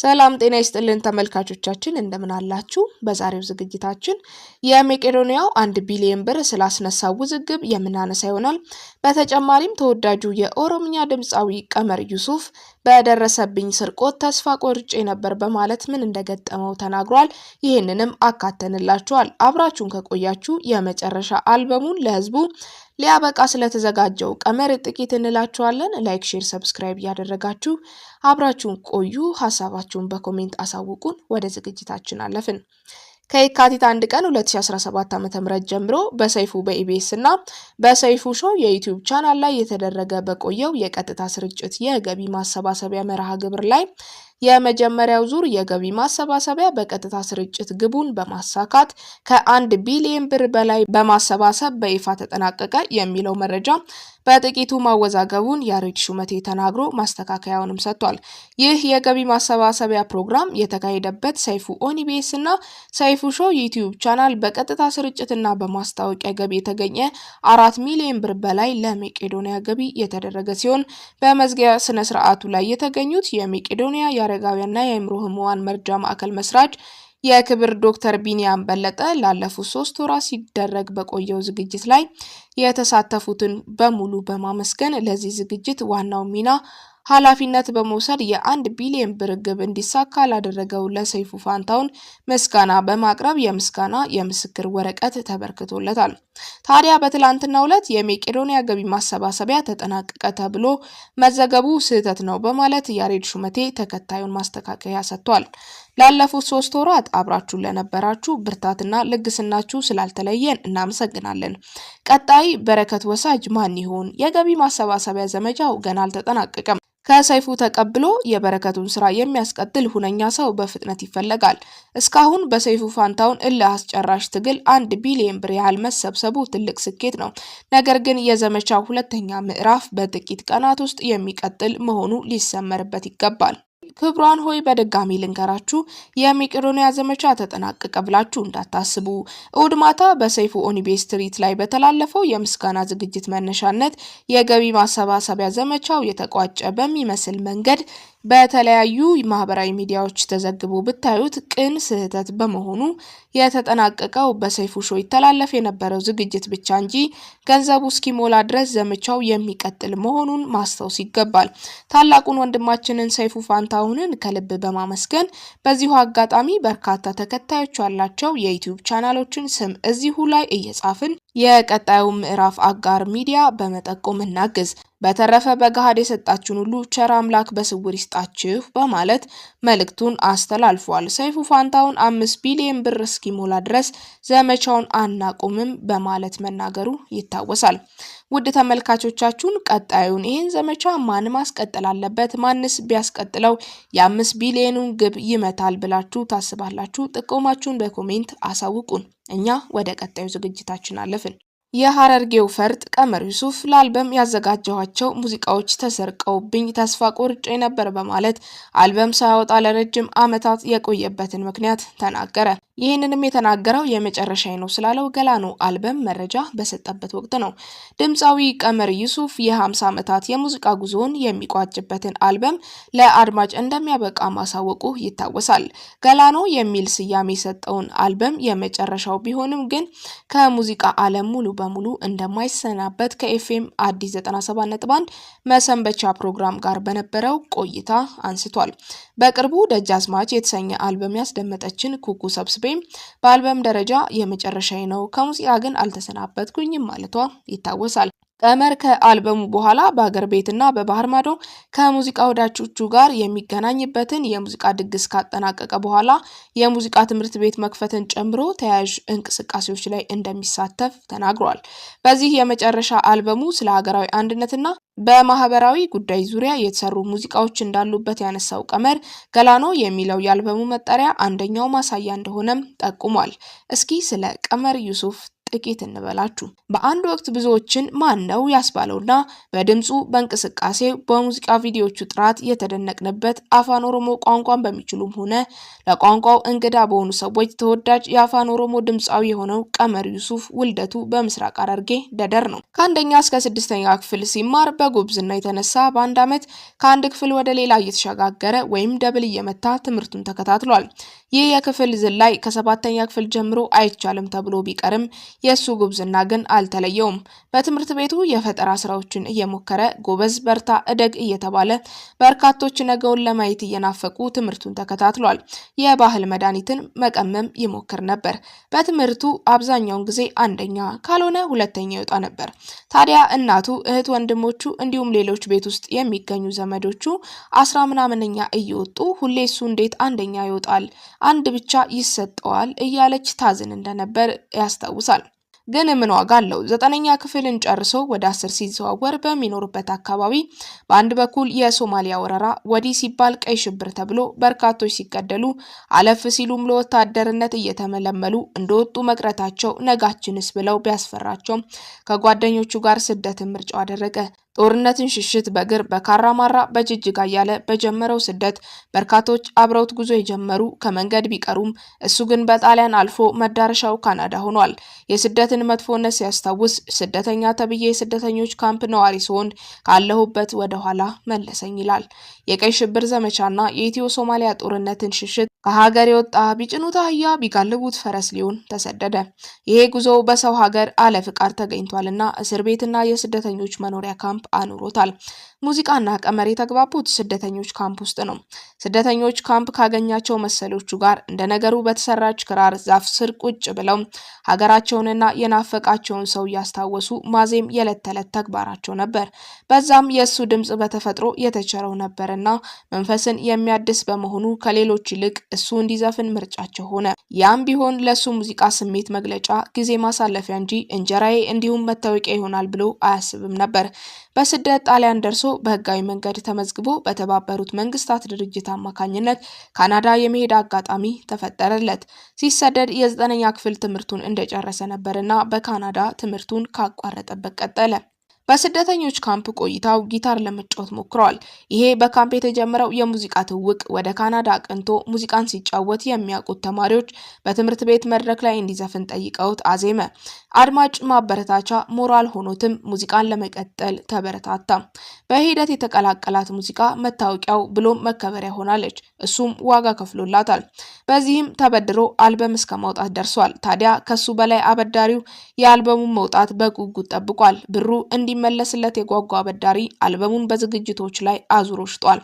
ሰላም ጤና ይስጥልን ተመልካቾቻችን፣ እንደምን አላችሁ? በዛሬው ዝግጅታችን የመቄዶንያው አንድ ቢሊዮን ብር ስላስነሳው ውዝግብ የምናነሳ ይሆናል። በተጨማሪም ተወዳጁ የኦሮምኛ ድምፃዊ ቀመር ዩሱፍ በደረሰብኝ ስርቆት ተስፋ ቆርጬ ነበር በማለት ምን እንደገጠመው ተናግሯል። ይህንንም አካተንላችኋል። አብራችሁን ከቆያችሁ የመጨረሻ አልበሙን ለህዝቡ ሊያበቃ ስለተዘጋጀው ቀመር ጥቂት እንላችኋለን። ላይክ፣ ሼር፣ ሰብስክራይብ እያደረጋችሁ አብራችሁን ቆዩ። ሀሳባችሁን በኮሜንት አሳውቁን። ወደ ዝግጅታችን አለፍን። ከየካቲት አንድ ቀን 2017 ዓ.ም ጀምሮ በሰይፉ በኢቢኤስ እና በሰይፉ ሾው የዩቲዩብ ቻናል ላይ የተደረገ በቆየው የቀጥታ ስርጭት የገቢ ማሰባሰቢያ መርሃ ግብር ላይ የመጀመሪያው ዙር የገቢ ማሰባሰቢያ በቀጥታ ስርጭት ግቡን በማሳካት ከአንድ ቢሊዮን ብር በላይ በማሰባሰብ በይፋ ተጠናቀቀ የሚለው መረጃ በጥቂቱ ማወዛገቡን ያሬድ ሹመቴ ተናግሮ ማስተካከያውንም ሰጥቷል። ይህ የገቢ ማሰባሰቢያ ፕሮግራም የተካሄደበት ሰይፉ ኦኒቤስ እና ሰይፉ ላይፍ ሾ ዩቲዩብ ቻናል በቀጥታ ስርጭትና በማስታወቂያ ገቢ የተገኘ አራት ሚሊዮን ብር በላይ ለመቄዶንያ ገቢ የተደረገ ሲሆን በመዝጊያ ስነ ስርዓቱ ላይ የተገኙት የመቄዶንያ የአረጋውያንና የአእምሮ ህሙዋን መርጃ ማዕከል መስራች የክብር ዶክተር ቢኒያም በለጠ ላለፉት ሶስት ወራት ሲደረግ በቆየው ዝግጅት ላይ የተሳተፉትን በሙሉ በማመስገን ለዚህ ዝግጅት ዋናው ሚና ኃላፊነት በመውሰድ የአንድ ቢሊዮን ብር ግብ እንዲሳካ ላደረገው ለሰይፉ ፋንታውን ምስጋና በማቅረብ የምስጋና የምስክር ወረቀት ተበርክቶለታል። ታዲያ በትላንትናው ዕለት የመቄዶንያ ገቢ ማሰባሰቢያ ተጠናቀቀ ተብሎ መዘገቡ ስህተት ነው በማለት ያሬድ ሹመቴ ተከታዩን ማስተካከያ ሰጥቷል። ላለፉት ሶስት ወራት አብራችሁን ለነበራችሁ ብርታትና ልግስናችሁ ስላልተለየን እናመሰግናለን። ቀጣይ በረከት ወሳጅ ማን ይሆን? የገቢ ማሰባሰቢያ ዘመቻው ገና አልተጠናቀቀም። ከሰይፉ ተቀብሎ የበረከቱን ስራ የሚያስቀጥል ሁነኛ ሰው በፍጥነት ይፈለጋል። እስካሁን በሰይፉ ፋንታውን እልህ አስጨራሽ ትግል አንድ ቢሊየን ብር ያህል መሰብሰቡ ትልቅ ስኬት ነው። ነገር ግን የዘመቻው ሁለተኛ ምዕራፍ በጥቂት ቀናት ውስጥ የሚቀጥል መሆኑ ሊሰመርበት ይገባል። ክብሯን ሆይ በድጋሚ ልንገራችሁ የመቄዶንያ ዘመቻ ተጠናቀቀ ብላችሁ እንዳታስቡ። እሁድ ማታ በሰይፉ ኦኒቤ ስትሪት ላይ በተላለፈው የምስጋና ዝግጅት መነሻነት የገቢ ማሰባሰቢያ ዘመቻው የተቋጨ በሚመስል መንገድ በተለያዩ ማህበራዊ ሚዲያዎች ተዘግቦ ብታዩት ቅን ስህተት በመሆኑ የተጠናቀቀው በሰይፉ ሾ ይተላለፍ የነበረው ዝግጅት ብቻ እንጂ ገንዘቡ እስኪሞላ ድረስ ዘመቻው የሚቀጥል መሆኑን ማስታወስ ይገባል። ታላቁን ወንድማችንን ሰይፉ ፋንታሁንን ከልብ በማመስገን በዚሁ አጋጣሚ በርካታ ተከታዮች ያላቸው የዩቲዩብ ቻናሎችን ስም እዚሁ ላይ እየጻፍን የቀጣዩ ምዕራፍ አጋር ሚዲያ በመጠቆም እናግዝ። በተረፈ በገሃድ የሰጣችሁን ሁሉ ቸር አምላክ በስውር ይስጣችሁ በማለት መልእክቱን አስተላልፏል። ሰይፉ ፋንታውን አምስት ቢሊዮን ብር እስኪሞላ ድረስ ዘመቻውን አናቁምም በማለት መናገሩ ይታወሳል። ውድ ተመልካቾቻችሁን ቀጣዩን ይህን ዘመቻ ማን ማስቀጠል አለበት፣ ማንስ ቢያስቀጥለው የአምስት ቢሊዮኑን ግብ ይመታል ብላችሁ ታስባላችሁ? ጥቆማችሁን በኮሜንት አሳውቁን። እኛ ወደ ቀጣዩ ዝግጅታችን አለፍን። የሐረርጌው ፈርጥ ቀመር ዩሱፍ ለአልበም ያዘጋጀኋቸው ሙዚቃዎች ተሰርቀውብኝ ተስፋ ቆርጬ ነበር በማለት አልበም ሳያወጣ ለረጅም ዓመታት የቆየበትን ምክንያት ተናገረ። ይህንንም የተናገረው የመጨረሻ ነው ስላለው ገላኖ አልበም መረጃ በሰጠበት ወቅት ነው። ድምፃዊ ቀመር ዩሱፍ የ50 ዓመታት የሙዚቃ ጉዞውን የሚቋጭበትን አልበም ለአድማጭ እንደሚያበቃ ማሳወቁ ይታወሳል። ገላኖ የሚል ስያሜ የሰጠውን አልበም የመጨረሻው ቢሆንም ግን ከሙዚቃ ዓለም ሙሉ በሙሉ እንደማይሰናበት ከኤፍኤም አዲስ 97.1 መሰንበቻ ፕሮግራም ጋር በነበረው ቆይታ አንስቷል። በቅርቡ ደጃዝማች የተሰኘ አልበም ያስደመጠችን ኩኩ ሰብስቤም በአልበም ደረጃ የመጨረሻዬ ነው ከሙዚቃ ግን አልተሰናበትኩኝም ማለቷ ይታወሳል። ቀመር ከአልበሙ በኋላ በሀገር ቤትና በባህር ማዶ ከሙዚቃ ወዳጆቹ ጋር የሚገናኝበትን የሙዚቃ ድግስ ካጠናቀቀ በኋላ የሙዚቃ ትምህርት ቤት መክፈትን ጨምሮ ተያያዥ እንቅስቃሴዎች ላይ እንደሚሳተፍ ተናግሯል። በዚህ የመጨረሻ አልበሙ ስለ ሀገራዊ አንድነትና በማህበራዊ ጉዳይ ዙሪያ የተሰሩ ሙዚቃዎች እንዳሉበት ያነሳው ቀመር ገላኖ የሚለው የአልበሙ መጠሪያ አንደኛው ማሳያ እንደሆነም ጠቁሟል። እስኪ ስለ ቀመር ዩሱፍ ጥቂት እንበላችሁ። በአንድ ወቅት ብዙዎችን ማን ነው ያስባለውና በድምፁ፣ በእንቅስቃሴ በሙዚቃ ቪዲዮቹ ጥራት የተደነቅንበት አፋን ኦሮሞ ቋንቋን በሚችሉም ሆነ ለቋንቋው እንግዳ በሆኑ ሰዎች ተወዳጅ የአፋን ኦሮሞ ድምፃዊ የሆነው ቀመር ዩሱፍ ውልደቱ በምስራቅ ሐረርጌ ደደር ነው። ከአንደኛ እስከ ስድስተኛ ክፍል ሲማር በጉብዝና የተነሳ በአንድ ዓመት ከአንድ ክፍል ወደ ሌላ እየተሸጋገረ ወይም ደብል እየመታ ትምህርቱን ተከታትሏል። ይህ የክፍል ዝላይ ከሰባተኛ ክፍል ጀምሮ አይቻልም ተብሎ ቢቀርም የእሱ ጉብዝና ግን አልተለየውም። በትምህርት ቤቱ የፈጠራ ስራዎችን እየሞከረ ጎበዝ፣ በርታ፣ እደግ እየተባለ በርካቶች ነገውን ለማየት እየናፈቁ ትምህርቱን ተከታትሏል። የባህል መድኃኒትን መቀመም ይሞክር ነበር። በትምህርቱ አብዛኛውን ጊዜ አንደኛ ካልሆነ ሁለተኛ ይወጣ ነበር። ታዲያ እናቱ፣ እህት ወንድሞቹ እንዲሁም ሌሎች ቤት ውስጥ የሚገኙ ዘመዶቹ አስራ ምናምንኛ እየወጡ ሁሌ እሱ እንዴት አንደኛ ይወጣል አንድ ብቻ ይሰጠዋል እያለች ታዝን እንደነበር ያስታውሳል። ግን ምን ዋጋ አለው? ዘጠነኛ ክፍልን ጨርሶ ወደ አስር ሲዘዋወር በሚኖርበት አካባቢ በአንድ በኩል የሶማሊያ ወረራ ወዲህ ሲባል ቀይ ሽብር ተብሎ በርካቶች ሲገደሉ፣ አለፍ ሲሉም ለወታደርነት እየተመለመሉ እንደወጡ መቅረታቸው ነጋችንስ ብለው ቢያስፈራቸውም ከጓደኞቹ ጋር ስደትን ምርጫው አደረገ። ጦርነትን ሽሽት በእግር በካራማራ በጅጅጋ እያለ በጀመረው ስደት በርካቶች አብረውት ጉዞ የጀመሩ ከመንገድ ቢቀሩም እሱ ግን በጣሊያን አልፎ መዳረሻው ካናዳ ሆኗል። የስደትን መጥፎነት ሲያስታውስ ስደተኛ ተብዬ የስደተኞች ካምፕ ነዋሪ ሲሆን ካለሁበት ወደኋላ መለሰኝ ይላል። የቀይ ሽብር ዘመቻና የኢትዮ ሶማሊያ ጦርነትን ሽሽት ከሀገር የወጣ ቢጭኑት አህያ ቢጋልቡት ፈረስ ሊሆን ተሰደደ። ይሄ ጉዞ በሰው ሀገር አለፍቃድ ፍቃድ ተገኝቷልና እስር ቤትና የስደተኞች መኖሪያ ካምፕ አኑሮታል። ሙዚቃና ቀመር የተግባቡት ስደተኞች ካምፕ ውስጥ ነው። ስደተኞች ካምፕ ካገኛቸው መሰሎቹ ጋር እንደ ነገሩ በተሰራች ክራር ዛፍ ስር ቁጭ ብለው ሀገራቸውንና የናፈቃቸውን ሰው እያስታወሱ ማዜም የዕለት ተዕለት ተግባራቸው ነበር። በዛም የእሱ ድምፅ በተፈጥሮ የተቸረው ነበርና መንፈስን የሚያድስ በመሆኑ ከሌሎች ይልቅ እሱ እንዲዘፍን ምርጫቸው ሆነ። ያም ቢሆን ለእሱ ሙዚቃ ስሜት መግለጫ፣ ጊዜ ማሳለፊያ እንጂ እንጀራዬ እንዲሁም መታወቂያ ይሆናል ብሎ አያስብም ነበር። በስደት ጣሊያን ደርሶ በህጋዊ መንገድ ተመዝግቦ በተባበሩት መንግስታት ድርጅት አማካኝነት ካናዳ የመሄድ አጋጣሚ ተፈጠረለት። ሲሰደድ የዘጠነኛ ክፍል ትምህርቱን እንደጨረሰ ነበርና በካናዳ ትምህርቱን ካቋረጠበት ቀጠለ። በስደተኞች ካምፕ ቆይታው ጊታር ለመጫወት ሞክረዋል። ይሄ በካምፕ የተጀመረው የሙዚቃ ትውውቅ ወደ ካናዳ አቅንቶ ሙዚቃን ሲጫወት የሚያውቁት ተማሪዎች በትምህርት ቤት መድረክ ላይ እንዲዘፍን ጠይቀውት አዜመ። አድማጭ ማበረታቻ ሞራል ሆኖትም ሙዚቃን ለመቀጠል ተበረታታ። በሂደት የተቀላቀላት ሙዚቃ መታወቂያው ብሎም መከበሪያ ሆናለች። እሱም ዋጋ ከፍሎላታል። በዚህም ተበድሮ አልበም እስከ ማውጣት ደርሷል። ታዲያ ከሱ በላይ አበዳሪው የአልበሙን መውጣት በጉጉት ጠብቋል። ብሩ እንዲ እንዲመለስለት የጓጓ አበዳሪ አልበሙን በዝግጅቶች ላይ አዙሮ ሽጧል።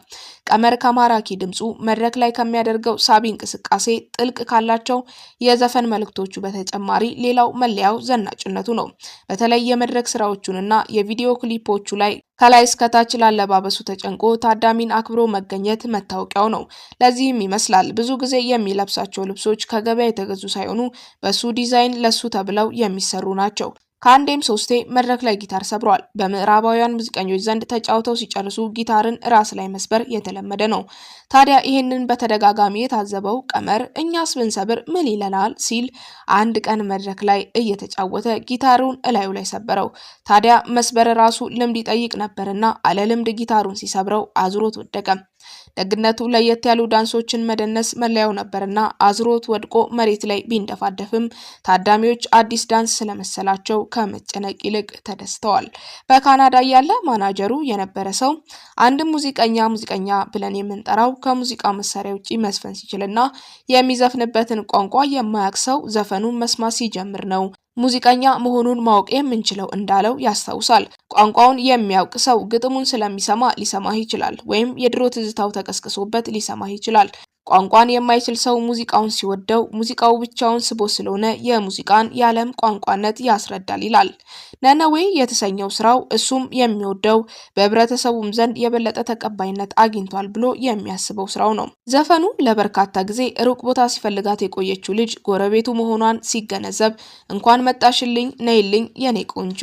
ቀመር ከማራኪ ድምፁ መድረክ ላይ ከሚያደርገው ሳቢ እንቅስቃሴ ጥልቅ ካላቸው የዘፈን መልእክቶቹ በተጨማሪ ሌላው መለያው ዘናጭነቱ ነው። በተለይ የመድረክ ስራዎቹንና የቪዲዮ ክሊፖቹ ላይ ከላይ እስከታች ላለባበሱ ተጨንቆ ታዳሚን አክብሮ መገኘት መታወቂያው ነው። ለዚህም ይመስላል ብዙ ጊዜ የሚለብሳቸው ልብሶች ከገበያ የተገዙ ሳይሆኑ በሱ ዲዛይን ለሱ ተብለው የሚሰሩ ናቸው። ከአንዴም ሶስቴ መድረክ ላይ ጊታር ሰብረዋል። በምዕራባውያን ሙዚቀኞች ዘንድ ተጫውተው ሲጨርሱ ጊታርን ራስ ላይ መስበር የተለመደ ነው። ታዲያ ይህንን በተደጋጋሚ የታዘበው ቀመር እኛስ ብንሰብር ምን ይለናል ሲል አንድ ቀን መድረክ ላይ እየተጫወተ ጊታሩን እላዩ ላይ ሰበረው። ታዲያ መስበር ራሱ ልምድ ይጠይቅ ነበርና አለልምድ ጊታሩን ሲሰብረው አዙሮት ወደቀ። ደግነቱ ለየት ያሉ ዳንሶችን መደነስ መለያው ነበርና አዝሮት ወድቆ መሬት ላይ ቢንደፋደፍም ታዳሚዎች አዲስ ዳንስ ስለመሰላቸው ከመጨነቅ ይልቅ ተደስተዋል። በካናዳ ያለ ማናጀሩ የነበረ ሰው አንድ ሙዚቀኛ ሙዚቀኛ ብለን የምንጠራው ከሙዚቃ መሳሪያ ውጭ መዝፈን ሲችልና የሚዘፍንበትን ቋንቋ የማያውቅ ሰው ዘፈኑን መስማት ሲጀምር ነው። ሙዚቀኛ መሆኑን ማወቅ የምንችለው እንዳለው ያስታውሳል። ቋንቋውን የሚያውቅ ሰው ግጥሙን ስለሚሰማ ሊሰማህ ይችላል፣ ወይም የድሮ ትዝታው ተቀስቅሶበት ሊሰማህ ይችላል። ቋንቋን የማይችል ሰው ሙዚቃውን ሲወደው ሙዚቃው ብቻውን ስቦ ስለሆነ የሙዚቃን የዓለም ቋንቋነት ያስረዳል ይላል ነነዌ የተሰኘው ስራው። እሱም የሚወደው በህብረተሰቡም ዘንድ የበለጠ ተቀባይነት አግኝቷል ብሎ የሚያስበው ስራው ነው። ዘፈኑ ለበርካታ ጊዜ ሩቅ ቦታ ሲፈልጋት የቆየችው ልጅ ጎረቤቱ መሆኗን ሲገነዘብ እንኳን መጣሽልኝ፣ ነይልኝ የኔ ቆንጆ፣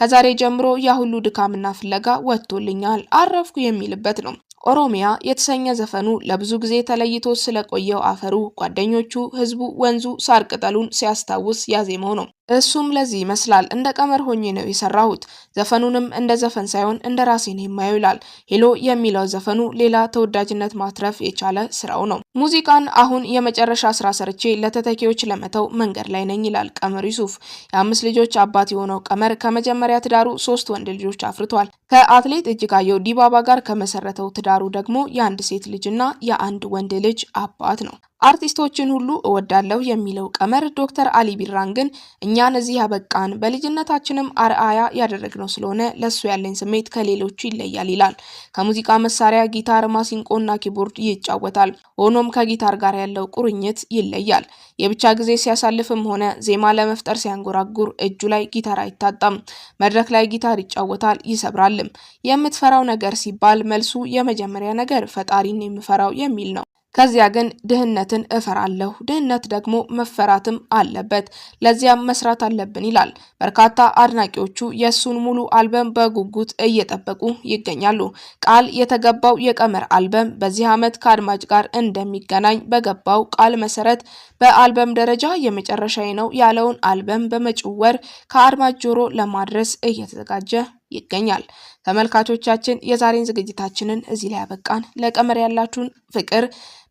ከዛሬ ጀምሮ ያሁሉ ድካምና ፍለጋ ወጥቶልኛል፣ አረፍኩ የሚልበት ነው። ኦሮሚያ የተሰኘ ዘፈኑ ለብዙ ጊዜ ተለይቶ ስለቆየው አፈሩ፣ ጓደኞቹ፣ ህዝቡ፣ ወንዙ፣ ሳር ቅጠሉን ሲያስታውስ ያዜመው ነው። እሱም ለዚህ ይመስላል እንደ ቀመር ሆኜ ነው የሰራሁት። ዘፈኑንም እንደ ዘፈን ሳይሆን እንደ ራሴ ነው የማየው ይላል። ሄሎ የሚለው ዘፈኑ ሌላ ተወዳጅነት ማትረፍ የቻለ ስራው ነው። ሙዚቃን አሁን የመጨረሻ ስራ ሰርቼ ለተተኪዎች ለመተው መንገድ ላይ ነኝ ይላል ቀመር ዩሱፍ። የአምስት ልጆች አባት የሆነው ቀመር ከመጀመሪያ ትዳሩ ሶስት ወንድ ልጆች አፍርቷል። ከአትሌት እጅጋየሁ ዲባባ ጋር ከመሰረተው ትዳሩ ደግሞ የአንድ ሴት ልጅና የአንድ ወንድ ልጅ አባት ነው። አርቲስቶችን ሁሉ እወዳለሁ የሚለው ቀመር ዶክተር አሊ ቢራን ግን እኛን እዚህ ያበቃን በልጅነታችንም አርአያ ያደረግነው ስለሆነ ለሱ ያለኝ ስሜት ከሌሎቹ ይለያል ይላል። ከሙዚቃ መሳሪያ ጊታር፣ ማሲንቆና ኪቦርድ ይጫወታል። ሆኖም ከጊታር ጋር ያለው ቁርኝት ይለያል። የብቻ ጊዜ ሲያሳልፍም ሆነ ዜማ ለመፍጠር ሲያንጎራጉር እጁ ላይ ጊታር አይታጣም። መድረክ ላይ ጊታር ይጫወታል፣ ይሰብራልም። የምትፈራው ነገር ሲባል መልሱ የመጀመሪያ ነገር ፈጣሪን የምፈራው የሚል ነው። ከዚያ ግን ድህነትን እፈራለሁ። ድህነት ደግሞ መፈራትም አለበት፣ ለዚያም መስራት አለብን ይላል። በርካታ አድናቂዎቹ የእሱን ሙሉ አልበም በጉጉት እየጠበቁ ይገኛሉ። ቃል የተገባው የቀመር አልበም በዚህ ዓመት ከአድማጭ ጋር እንደሚገናኝ በገባው ቃል መሰረት በአልበም ደረጃ የመጨረሻዬ ነው ያለውን አልበም በመጪው ወር ከአድማጭ ጆሮ ለማድረስ እየተዘጋጀ ይገኛል። ተመልካቾቻችን የዛሬን ዝግጅታችንን እዚህ ላይ ያበቃን። ለቀመር ያላችሁን ፍቅር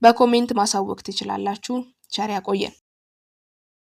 በኮሜንት ማሳወቅ ትችላላችሁ። ቸር ያቆየን።